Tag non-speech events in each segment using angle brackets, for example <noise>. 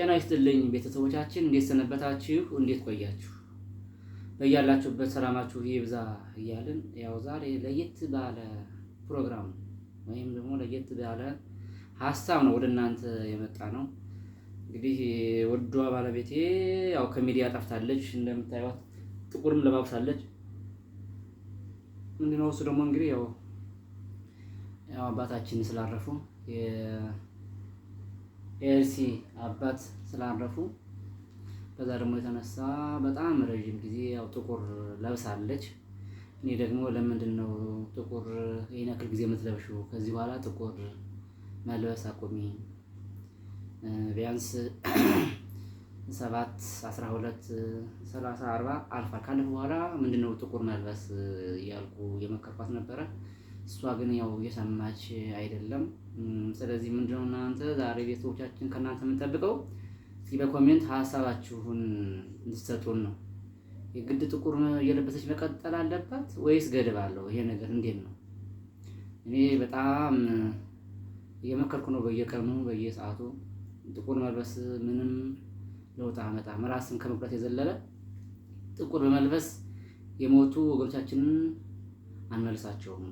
ጤና ይስጥልኝ ቤተሰቦቻችን፣ እንዴት ሰነበታችሁ? እንዴት ቆያችሁ? በያላችሁበት ሰላማችሁ ይብዛ እያልን ያው ዛሬ ለየት ባለ ፕሮግራም ወይም ደግሞ ለየት ባለ ሀሳብ ነው ወደ እናንተ የመጣ ነው። እንግዲህ ወዷ ባለቤቴ ያው ከሚዲያ ጠፍታለች፣ እንደምታዩት ጥቁርም ለባብሳለች። ምንድነው እሱ ደግሞ እንግዲህ ያው ያው አባታችን ስላረፉ ኤልሲ አባት ስላረፉ በዛ ደግሞ የተነሳ በጣም ረዥም ጊዜ ያው ጥቁር ለብሳለች። እኔ ደግሞ ለምንድን ነው ጥቁር ይህን ያክል ጊዜ የምትለብሹ? ከዚህ በኋላ ጥቁር መልበስ አቁሚ፣ ቢያንስ ሰባት አስራ ሁለት ሰላሳ አርባ አልፋ ካለፍ በኋላ ምንድን ነው ጥቁር መልበስ እያልኩ የመከርኳት ነበረ። እሷ ግን ያው እየሰማች አይደለም። ስለዚህ ምንድነው እናንተ ዛሬ ቤተሰቦቻችን ከእናንተ የምንጠብቀው እስኪ በኮሜንት ሀሳባችሁን እንድትሰጡን ነው። የግድ ጥቁር እየለበሰች መቀጠል አለባት ወይስ ገድብ አለው? ይሄ ነገር እንዴት ነው? እኔ በጣም እየመከርኩ ነው። በየቀኑ በየሰዓቱ ጥቁር መልበስ ምንም ለውጥ አመጣም። ራስን ከመጉዳት የዘለለ ጥቁር በመልበስ የሞቱ ወገኖቻችንን አንመልሳቸውም።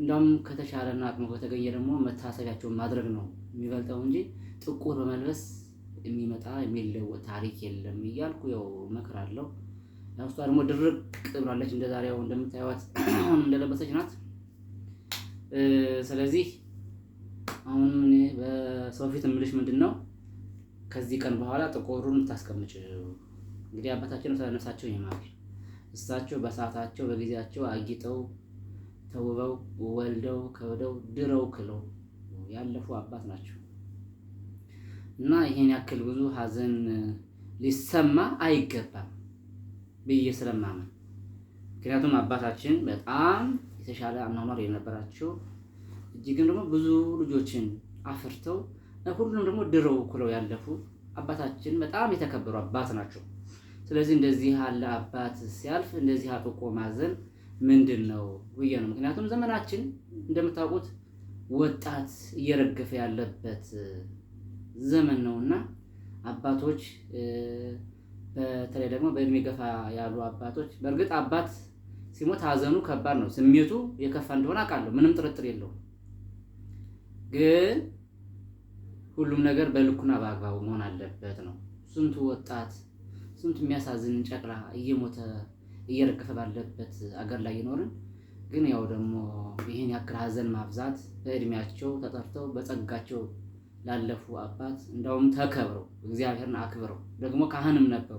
እንዳውም ከተሻለና አቅሙ ከተገኘ ደግሞ መታሰቢያቸውን ማድረግ ነው የሚበልጠው እንጂ ጥቁር በመልበስ የሚመጣ የሚለወጥ ታሪክ የለም እያልኩ ያው እመክራለሁ። ውስጧ ደግሞ ድርቅ ብላለች፣ እንደ ዛሬው እንደምታዩት አሁን <clears throat> እንደለበሰች ናት። ስለዚህ አሁን በሰው ፊት የምልሽ ምንድን ነው ከዚህ ቀን በኋላ ጥቁሩን የምታስቀምጭ እንግዲህ አባታችን ስለነፍሳቸው ይማር። እሳቸው በሰዓታቸው በጊዜያቸው አጊጠው ተውበው ወልደው ከብደው ድረው ክለው ያለፉ አባት ናቸው እና ይሄን ያክል ብዙ ሀዘን ሊሰማ አይገባም ብዬ ስለማመን ምክንያቱም አባታችን በጣም የተሻለ አኗኗር የነበራቸው እጅግም ደግሞ ብዙ ልጆችን አፍርተው ሁሉም ደግሞ ድረው ክለው ያለፉ አባታችን በጣም የተከበሩ አባት ናቸው። ስለዚህ እንደዚህ ያለ አባት ሲያልፍ እንደዚህ አጥቆ ማዘን ምንድን ነው ብዬ ነው። ምክንያቱም ዘመናችን እንደምታውቁት ወጣት እየረገፈ ያለበት ዘመን ነው እና አባቶች በተለይ ደግሞ በእድሜ ገፋ ያሉ አባቶች፣ በእርግጥ አባት ሲሞት ሀዘኑ ከባድ ነው። ስሜቱ የከፋ እንደሆነ አውቃለሁ፣ ምንም ጥርጥር የለውም። ግን ሁሉም ነገር በልኩና በአግባቡ መሆን አለበት ነው። ስንቱ ወጣት ስንቱ የሚያሳዝን ጨቅላ እየሞተ እየረገፈ ባለበት አገር ላይ ይኖርን። ግን ያው ደግሞ ይህን ያክል ሀዘን ማብዛት በእድሜያቸው ተጠርተው በጸጋቸው ላለፉ አባት እንዳውም ተከብረው እግዚአብሔርን አክብረው ደግሞ ካህንም ነበሩ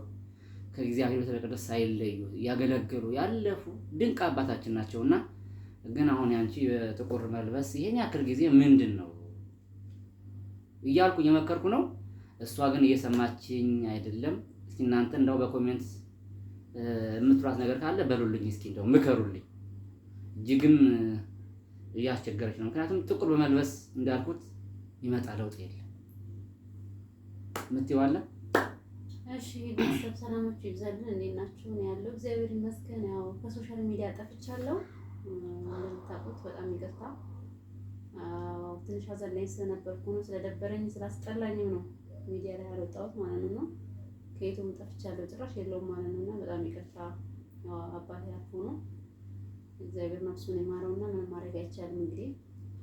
ከእግዚአብሔር ቤተ መቅደስ ሳይለዩ ያገለገሉ ያለፉ ድንቅ አባታችን እና ግን አሁን ያንቺ በጥቁር መልበስ ይሄን ያክል ጊዜ ምንድን ነው እያልኩ እየመከርኩ ነው። እሷ ግን እየሰማችኝ አይደለም። እስኪ እናንተ እንደው በኮሜንት የምትሏት ነገር ካለ በሉልኝ እስኪ እንደው ምከሩልኝ። እጅግም እያስቸገረች ነው። ምክንያቱም ጥቁር በመልበስ እንዳልኩት ይመጣ ለውጥ የለም። ምትይው አለ? እሺ ቤተሰብ ሰላማችሁ ይብዛልን። እንዴት ናችሁ? ያለው እግዚአብሔር ይመስገን። ያው ከሶሻል ሚዲያ ጠፍቻለሁ እንደምታውቁት፣ በጣም ይቅርታ። ትንሽ ሀዘን ላይ ስለነበርኩ ነው፣ ስለደበረኝ ስላስጠላኝም ነው ሚዲያ ላይ አልወጣሁት ማለት ነው። ከየቱም ጠፍቻለሁ ጭራሽ የለውም ማለት ነው። እና በጣም ይቅርታ አባት አልፎ ነው እግዚአብሔር ነፍሱን ይማረው እና ምንም ማድረግ አይቻልም። እንግዲህ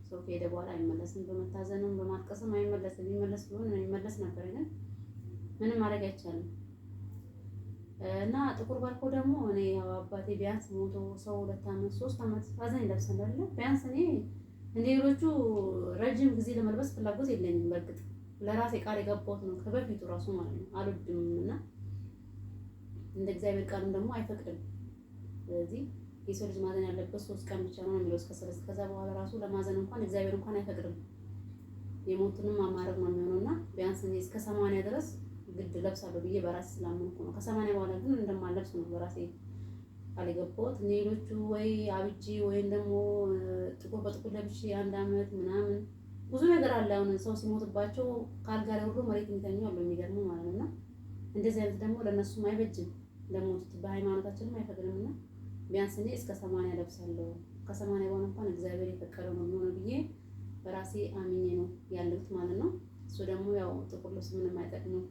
ሰው ከሄደ በኋላ አይመለስም። በመታዘንም በማልቀስም አይመለስም። የሚመለስ ቢሆን የሚመለስ ነበር፣ ግን ምንም ማድረግ አይቻልም እና ጥቁር ባልኮ ደግሞ እኔ ያው አባቴ ቢያንስ ሞቶ ሰው ሁለት ዓመት ሶስት ዓመት ሐዘን ይለብሳል አይደለ? ቢያንስ እኔ እንደ ሌሎቹ ረጅም ጊዜ ለመልበስ ፍላጎት የለኝም በእርግጥ ለራሴ ቃል የገባሁት ነው ከበፊቱ ራሱ ማለት ነው። አልወድም እና እንደ እግዚአብሔር ቃልም ደግሞ አይፈቅድም። ስለዚህ የሰው ልጅ ማዘን ያለበት ሶስት ቀን ብቻ ነው የሚለው እስከ ሰለስት ከዛ በኋላ ራሱ ለማዘን እንኳን እግዚአብሔር እንኳን አይፈቅድም። የሞቱንም አማረግ ነው የሚሆነው እና ቢያንስ እስከ ሰማንያ ድረስ ግድ ለብሳለሁ ብዬ በራሴ ስላመንኩ ነው። ከሰማንያ በኋላ ግን እንደማለብስ ነው በራሴ ቃል የገባሁት። ሌሎቹ ወይ አብጂ ወይም ደግሞ ጥቁር በጥቁር ለብሼ አንድ አመት ምናምን ብዙ ነገር አለ። አሁን ሰው ሲሞትባቸው ከአልጋ ላይ ሁሉ መሬት የሚተኙ አሉ። የሚገርሙ ማለት ነው። እና እንደዚህ አይነት ደግሞ ለእነሱም አይበጅም፣ ለሞቱት በሃይማኖታችንም አይፈቅድም። እና ቢያንስ እኔ እስከ ሰማንያ ለብሳለሁ ከሰማንያ በሆነ እንኳን እግዚአብሔር የፈቀደው ነው የሚሆነው ብዬ በራሴ አምኜ ነው ያለሁት ማለት ነው። እሱ ደግሞ ያው ጥቁር ልብስ ምንም አይጠቅምም፣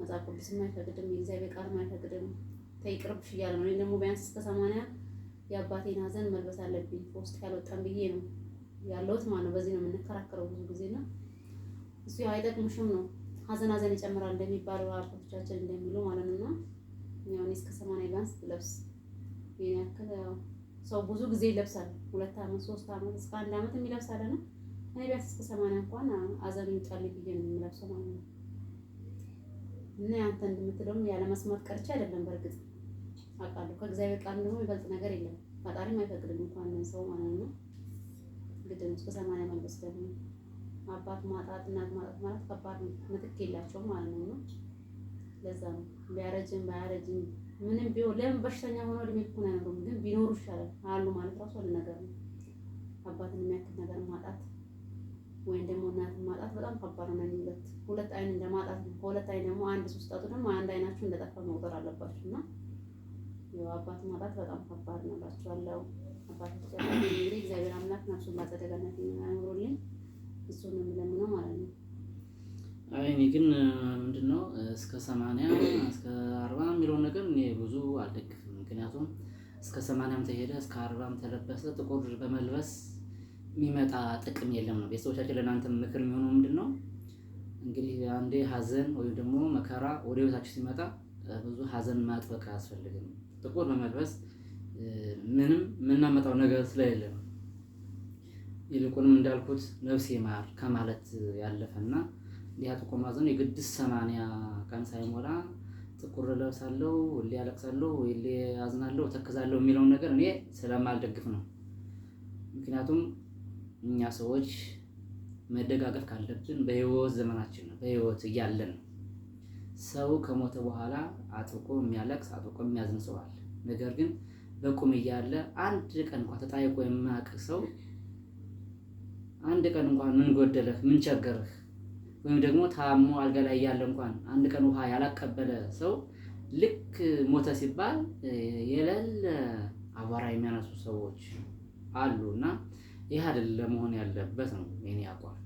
መጽሐፍ ቅዱስም አይፈቅድም፣ የእግዚአብሔር ቃልም አይፈቅድም። ተይ ቅርብሽ እያለ ነው። ወይም ደግሞ ቢያንስ እስከ ሰማንያ የአባቴን ሀዘን መልበስ አለብኝ ውስጥ ያልወጣም ብዬ ነው ያለሁት ማለት ነው። በዚህ ነው የምንከራከረው ብዙ ጊዜና እሱ ያው አይጠቅምሽም ነው ሀዘን ሀዘን ይጨምራል እንደሚባለው አርቶቻችን እንደሚሉ ማለት ነውና ያው እኔ እስከ ሰማንያ ቢያንስ ብለብስ ይሄን ያክል ሰው ብዙ ጊዜ ይለብሳል። ሁለት አመት ሶስት አመት እስከ አንድ አመት የሚለብሳል ነው። እኔ ቢያንስ እስከ ሰማንያ እንኳን ሀዘን ይውጣልኝ ብዬ ነው የምለብሰው ማለት ነው። እና ያንተ እንደምትለውም ያለ ቀርቼ አይደለም። በእርግጥ አውቃለሁ ከእግዚአብሔር ቃል ደግሞ ይበልጥ ነገር የለም። ፈጣሪም አይፈቅድም እንኳን ሰው ማለት ነው። ግድ ነው። እስከ ሰማንያ መልበስ ደግሞ አባት ማጣት እናት ማጣት ማለት ከባድ ምትክ የላቸውም ማለት ነው። ለዛ ነው ቢያረጅም ባያረጅም ምንም ቢሆን ለምን በሽተኛ ሆኖ እድሜ እኩል አይኖርም፣ ግን ቢኖሩ ይሻላል አሉ ማለት ራሱ አንድ ነገር ነው። አባትን የሚያክል ነገር ማጣት ወይም ደግሞ እናትን ማጣት በጣም ከባድ ነው። ሁለት ሁለት አይን እንደማጣት ነው። ከሁለት አይን ደግሞ አንድ ሶስት ጣቱ ደግሞ አንድ አይናችሁ እንደጠፋ መቁጠር አለባችሁ እና ያው አባት ማጣት በጣም ከባድ ነው እላችኋለሁ። አባት እንግዲህ እግዚአብሔር አምላክ ነፍሱን በአጸደ ገነት ያኖርልኝ። እሱን የምለምነው ማለት ነው። እኔ ግን ምንድን ነው እስከ ሰማንያ እስከ አርባ የሚለውን ነገር እኔ ብዙ አልደግፍም። ምክንያቱም እስከ ሰማንያም ተሄደ እስከ አርባም ተለበሰ ጥቁር በመልበስ የሚመጣ ጥቅም የለም ነው። ቤተሰቦቻችን ለእናንተ ምክር የሚሆነው ምንድን ነው እንግዲህ አንዴ ሀዘን ወይም ደግሞ መከራ ወደ ህይወታችን ሲመጣ ብዙ ሀዘን ማጥበቅ አያስፈልግም። ጥቁር በመልበስ ምንም የምናመጣው ነገር ስለሌለ ነው። ይልቁንም እንዳልኩት ነፍሴ ማር ከማለት ያለፈና ያ ጥቁር ማዘኑ የግድስ ሰማንያ ቀን ሳይሞላ ጥቁር ለብሳለሁ ሁሌ ያለቅሳለሁ ሁሌ አዝናለሁ፣ ተክዛለሁ የሚለውን ነገር እኔ ስለማልደግፍ ነው። ምክንያቱም እኛ ሰዎች መደጋገፍ ካለብን በህይወት ዘመናችን ነው፣ በህይወት እያለን ነው። ሰው ከሞተ በኋላ አጥብቆ የሚያለቅስ አጥብቆ የሚያዝን አለ። ነገር ግን በቁም እያለ አንድ ቀን እንኳን ተጣይቆ የማያውቅ ሰው አንድ ቀን እንኳን ምን ጎደለህ፣ ምን ቸገረህ፣ ወይም ደግሞ ታሞ አልጋ ላይ ያለ እንኳን አንድ ቀን ውሃ ያላቀበለ ሰው ልክ ሞተ ሲባል የሌለ አቧራ የሚያነሱ ሰዎች አሉ እና ይህ አይደለም መሆን ያለበት ነው የኔ አቋም።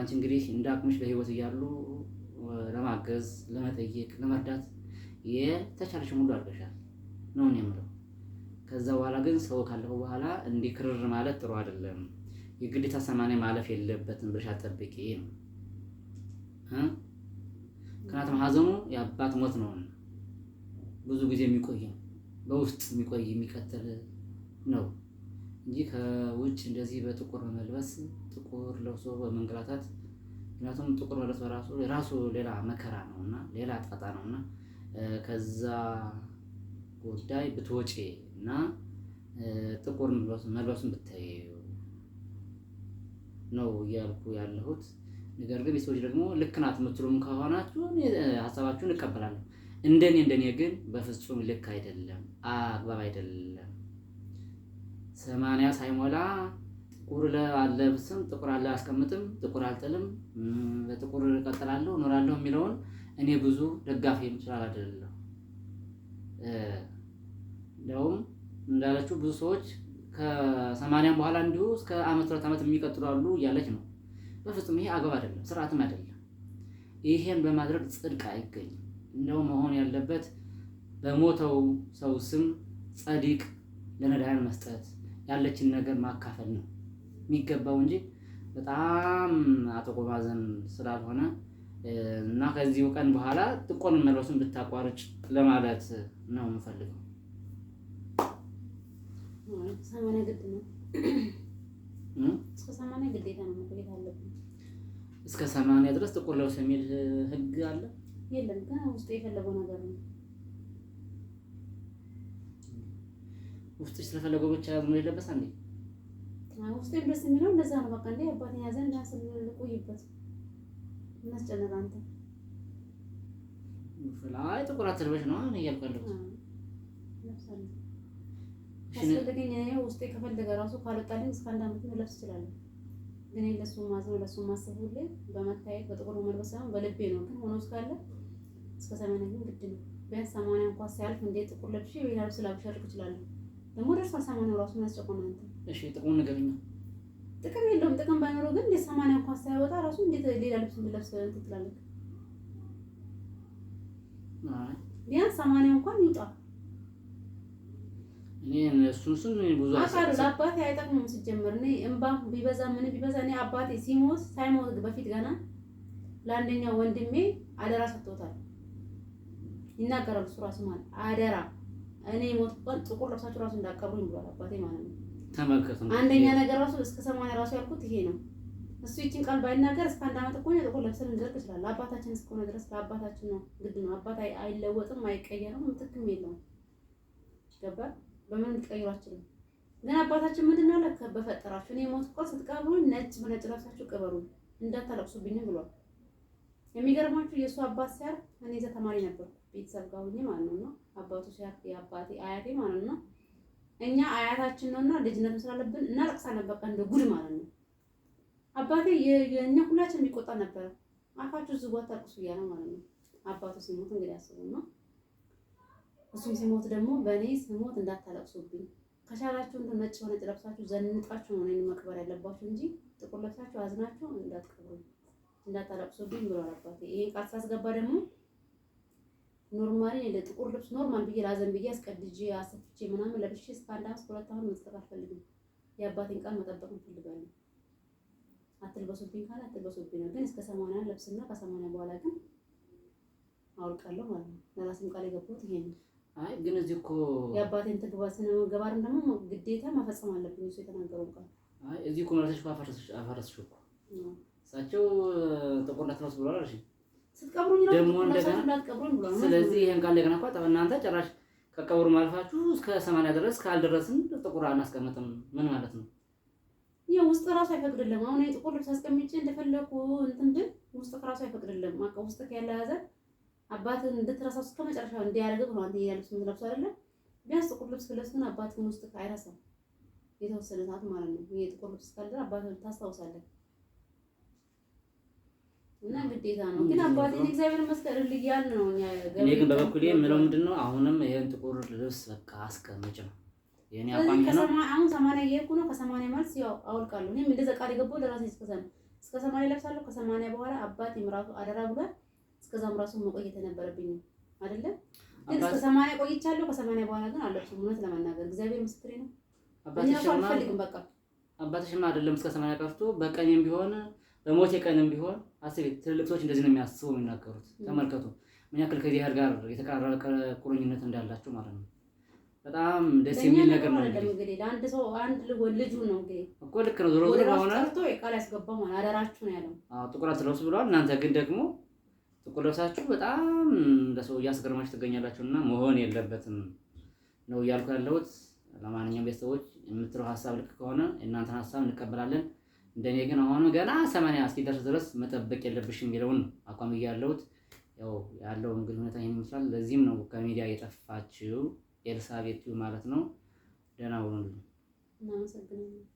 አንቺ እንግዲህ እንደ አቅምሽ በህይወት እያሉ ለማገዝ፣ ለመጠየቅ፣ ለመርዳት የተቻለሽን ሙሉ አድርገሻል። ነው የምለው። ከዛ በኋላ ግን ሰው ካለፈ በኋላ እንዲህ ክርር ማለት ጥሩ አይደለም። የግዴታ ሰማንያ ማለፍ የለበትም ብለሽ አጠብቂ ነው። ምክንያቱም ሀዘኑ የአባት ሞት ነው ብዙ ጊዜ የሚቆይ በውስጥ የሚቆይ የሚቀጥል ነው እንጂ ከውጭ እንደዚህ በጥቁር በመልበስ ጥቁር ለብሶ በመንገላታት ምክንያቱም ጥቁር መልበስ በራሱ የራሱ ሌላ መከራ ነው እና ሌላ ጣጣ ነው እና ከዛ ጉዳይ ብትወጪ እና ጥቁር መልበሱን ብታዩ ነው እያልኩ ያለሁት። ነገር ግን የሰዎች ደግሞ ልክ ናት የምትሉም ከሆናችሁ ሀሳባችሁን እቀበላለሁ። እንደኔ እንደኔ ግን በፍጹም ልክ አይደለም፣ አግባብ አይደለም። ሰማንያ ሳይሞላ ጥቁር አለብስም፣ ጥቁር አለ አስቀምጥም፣ ጥቁር አልጥልም፣ በጥቁር እቀጥላለሁ፣ እኖራለሁ የሚለውን እኔ ብዙ ደጋፊም አይደለም። እንደውም እንዳለችው ብዙ ሰዎች ከሰማንያም በኋላ እንዲሁ እስከ አመት ሁለት ዓመት የሚቀጥሉ አሉ እያለች ነው። በፍጹም ይሄ አግባብ አይደለም፣ ስርዓትም አይደለም። ይሄን በማድረግ ጽድቅ አይገኝም። እንደው መሆን ያለበት በሞተው ሰው ስም ጸዲቅ ለነዳያን መስጠት ያለችን ነገር ማካፈል ነው የሚገባው እንጂ በጣም አጥቆ ማዘን ስላልሆነ እና ከዚሁ ቀን በኋላ ጥቆን መለሱን ብታቋርጭ ለማለት ነው የምፈልገው። እስከ ሰማንያ ድረስ ጥቁር ልብስ የሚል ህግ አለ? የለም፣ ግን ውስጥ የፈለገው ነገር ነው። ውስጥ ስለፈለገው ብቻ ምን የለበሳ እንዴ? ውስጥ ደስ የሚለው እንደዛ ነው። በቃ እንዴ አባቴ ያዘን ዳስ ልቆይበት እናስጨነቅ አንተ አይ ጥቁር አትልበሽ ነው አሁን እያልኩ ያለሁት። አስፈልገኝ ውስጤ ከፈለገ ራሱ ካልወጣልኝ እስከ አንድ ዓመት ልለብስ እችላለሁ። ግን ለሱ ማዘው ለሱ ማሰብ ሁሌ በመታየት በጥቁሩ መልበስ ሳይሆን በልቤ ነው። ግን ሆኖ እስካለ እስከ ሰማንያ ግን ግድ ነው። ቢያንስ ሰማንያ እንኳን ሲያልፍ እንዴት ጥቁር ለብሼ ሌላ ልብስ ላብሸርቅ እችላለሁ። ደግሞ ደርሷል ሰማንያ ራሱ ነው። እሺ ጥቅም የለውም። ጥቅም ባይኖረው ግን እንዴት ሰማንያ እንኳን ሳያወጣ ራሱ እንዴት ሌላ ልብስ እንድለብስ ቢያንስ ሰማንያ እንኳን ይውጣ። እሱን ስም ብዙ አባቴ አይጠቅሙም። ሲጀምር እኔ እምባ ቢበዛ ምን ቢበዛ እኔ አባቴ ሲሞት ሳይሞት በፊት ገና ለአንደኛው ወንድሜ አደራ ሰጥቶታል። ይናገራል እሱ ራሱ ማለት አደራ እኔ ሞት እንኳን ጥቁር ለብሳችሁ ራሱ እንዳቀብሩኝ ብሏል አባቴ ማለት ነው። ተመልከቱ። አንደኛ ነገር ራሱ እስከ ሰማንያ ራሱ ያልኩት ይሄ ነው። እሱ ይችን ቃል ባይናገር እስከ አንድ ዓመት እኮ ጥቁር ለብሰን ልንደርቅ ይችላል። አባታችን እስከሆነ ድረስ ለአባታችን ነው ግድ ነው። አባት አይለወጥም፣ አይቀየርም፣ ምትክም የለውም። ገባ በምንም ልትቀይሩ ግን አባታችን ምንድን ነው ለካ በፈጠራችሁ እኔ ሞት እኮ ስትቀብሩኝ ነጭ በነጭ ለብሳችሁ ቅበሩ እንዳታለቅሱብኝም ብሏል። የሚገርማችሁ የእሱ አባት ሲያር እኔ ዘ ተማሪ ነበርኩ ቤተሰብ ጋር ሁኜ ማለት ነው። አባቱ ሲያር የአባቴ አያቴ ማለት ነው እኛ አያታችን ነውና ልጅነቱ ስላለብን እናለቅሳለን በቃ እንደ ጉድ ማለት ነው አባቴ የእኛ ሁላችን የሚቆጣ ነበረ። አፋችሁ ዝጉ አታልቅሱ እያለ ማለት ነው። አባቱ ሲሞት እንግዲህ አስቡ ነው። እሱም ሲሞት ደግሞ በእኔ ስሞት እንዳታለቅሱብኝ ከቻላችሁ እንደ ነጭ ሆነ ለብሳችሁ ዘንጣችሁ ነው እኔን መቅበር ያለባችሁ እንጂ ጥቁር ለብሳችሁ አዝናችሁ እንዳትቀብሩኝ እንዳታለቅሱብኝ ብሏል አባቴ። ይሄ ቃል ሳስገባ ደግሞ ኖርማሊ ለጥቁር ልብስ ኖርማል ብዬ ላዘን ብዬ አስቀድጄ አሰፍቼ ምናምን ለብሼ እስከ አንድ አመት ሁለት አሁን መስጠት አልፈልግም። የአባቴን ቃል መጠበቅ እንፈልጋለን። አትልበሱብኝ ካለ አትልበሱብኝ ነው። ግን እስከ ሰማንያ ለብስና ከሰማንያ በኋላ ግን አውልቃለሁ ማለት ነው። ለራስም ቃል የገባሁት ይሄ ነው። አይ ግን እዚህ እኮ የአባቴን ትግባ ስነ ገባርን ደግሞ ግዴታ መፈጸም አለብኝ። እሱ የተናገረው ቃል አይ እዚህ እኮ ማለት ነው። አፈረስሽው እኮ እሳቸው ጥቁር ነት ነው ብሏል አልሽኝ። ስትቀብሩኝ ነው ደግሞ እንደገና ስለዚህ ይሄን ቃል እንደገና እኮ እናንተ ጭራሽ ከቀብሩ ማልፋችሁ እስከ ሰማንያ ድረስ ካልደረስን ጥቁር አናስቀምጥም ምን ማለት ነው? ይሄ ውስጥ ራሱ አይፈቅድልም። አሁን የጥቁር ልብስ አስቀምጬ እንደፈለኩ እንትን ግን ውስጥ ራሱ አይፈቅድልም። አቃ ውስጥ ያዘ አባት እንድትረሳው እስከ መጨረሻ እንዲያደርግ ነው። አንተ ያለብስ ምትለብሱ አይደለ? ቢያንስ ጥቁር ልብስ ክለብስ ግን አባትህን ውስጥ አይረሳም። የተወሰነ ሰዓት ማለት ነው። ይሄ ጥቁር ልብስ ካለ አባትህን ታስታውሳለህ እና ግዴታ ነው። ግን አባቴን እግዚአብሔር ይመስገን እያልን ነው እኔ ግን በበኩሌ የምለው ምንድን ነው አሁንም ይሄን ጥቁር ልብስ በቃ አስቀምጭ ነው የኔ አቋም ነው። አሁን ሰማንያ እየሄድኩ ነው። ከሰማንያ መልስ ያው አወልቃለሁ። እኔም እንደዛ ቃል ለራሴ እስከ ሰማንያ እስከ ሰማንያ ለብሳለሁ። ከሰማንያ በኋላ አባቴም አደራ ብሏል። እስከዛም ራሱ መቆየት የነበረብኝ አይደለም። ግን እስከ ሰማንያ ቆይቻለሁ። ከሰማንያ በኋላ ግን አለብሱም። እውነት ለመናገር እግዚአብሔር ምስክሬ ነው። አልፈልግም በቃ አይደለም እስከ ሰማንያ ቀርቶ በቀኔም ቢሆን በሞቴ ቀንም ቢሆን አስቤ ትልልቅ ሰዎች እንደዚህ ነው የሚያስቡ የሚናገሩት። ተመልከቱ ምን ያክል ከዚህ ጋር የተቀራረበ ቁርኝነት እንዳላችሁ ማለት ነው። በጣም ደስ የሚል ነገር ነው። እንግዲህ ለአንድ ሰው አንድ ልጁ ነው እንግዲህ እኮ ልክ ነው። ዞሮ ዞሮ በሆነ ቃል ያስገባ ሆነ አደራችሁ ነው ያለው። ጥቁር አትለብሱ ብለዋል። እናንተ ግን ደግሞ ጥቁር ለብሳችሁ በጣም ለሰው እያስገርማችሁ ትገኛላችሁ፣ እና መሆን የለበትም ነው እያልኩ ያለሁት። ለማንኛውም ቤተሰቦች የምትለው ሀሳብ ልክ ከሆነ የእናንተን ሀሳብ እንቀበላለን። እንደኔ ግን አሁን ገና ሰማንያ እስኪደርስ ድረስ መጠበቅ የለብሽም የሚለውን አቋም እያለሁት ያው ያለው እንግዲህ ሁኔታ ይህን ይመስላል። ለዚህም ነው ከሚዲያ የጠፋችው። ኤልሳቤት ማለት ነው። ደህና ሁኑልኝ። እናመሰግናለን።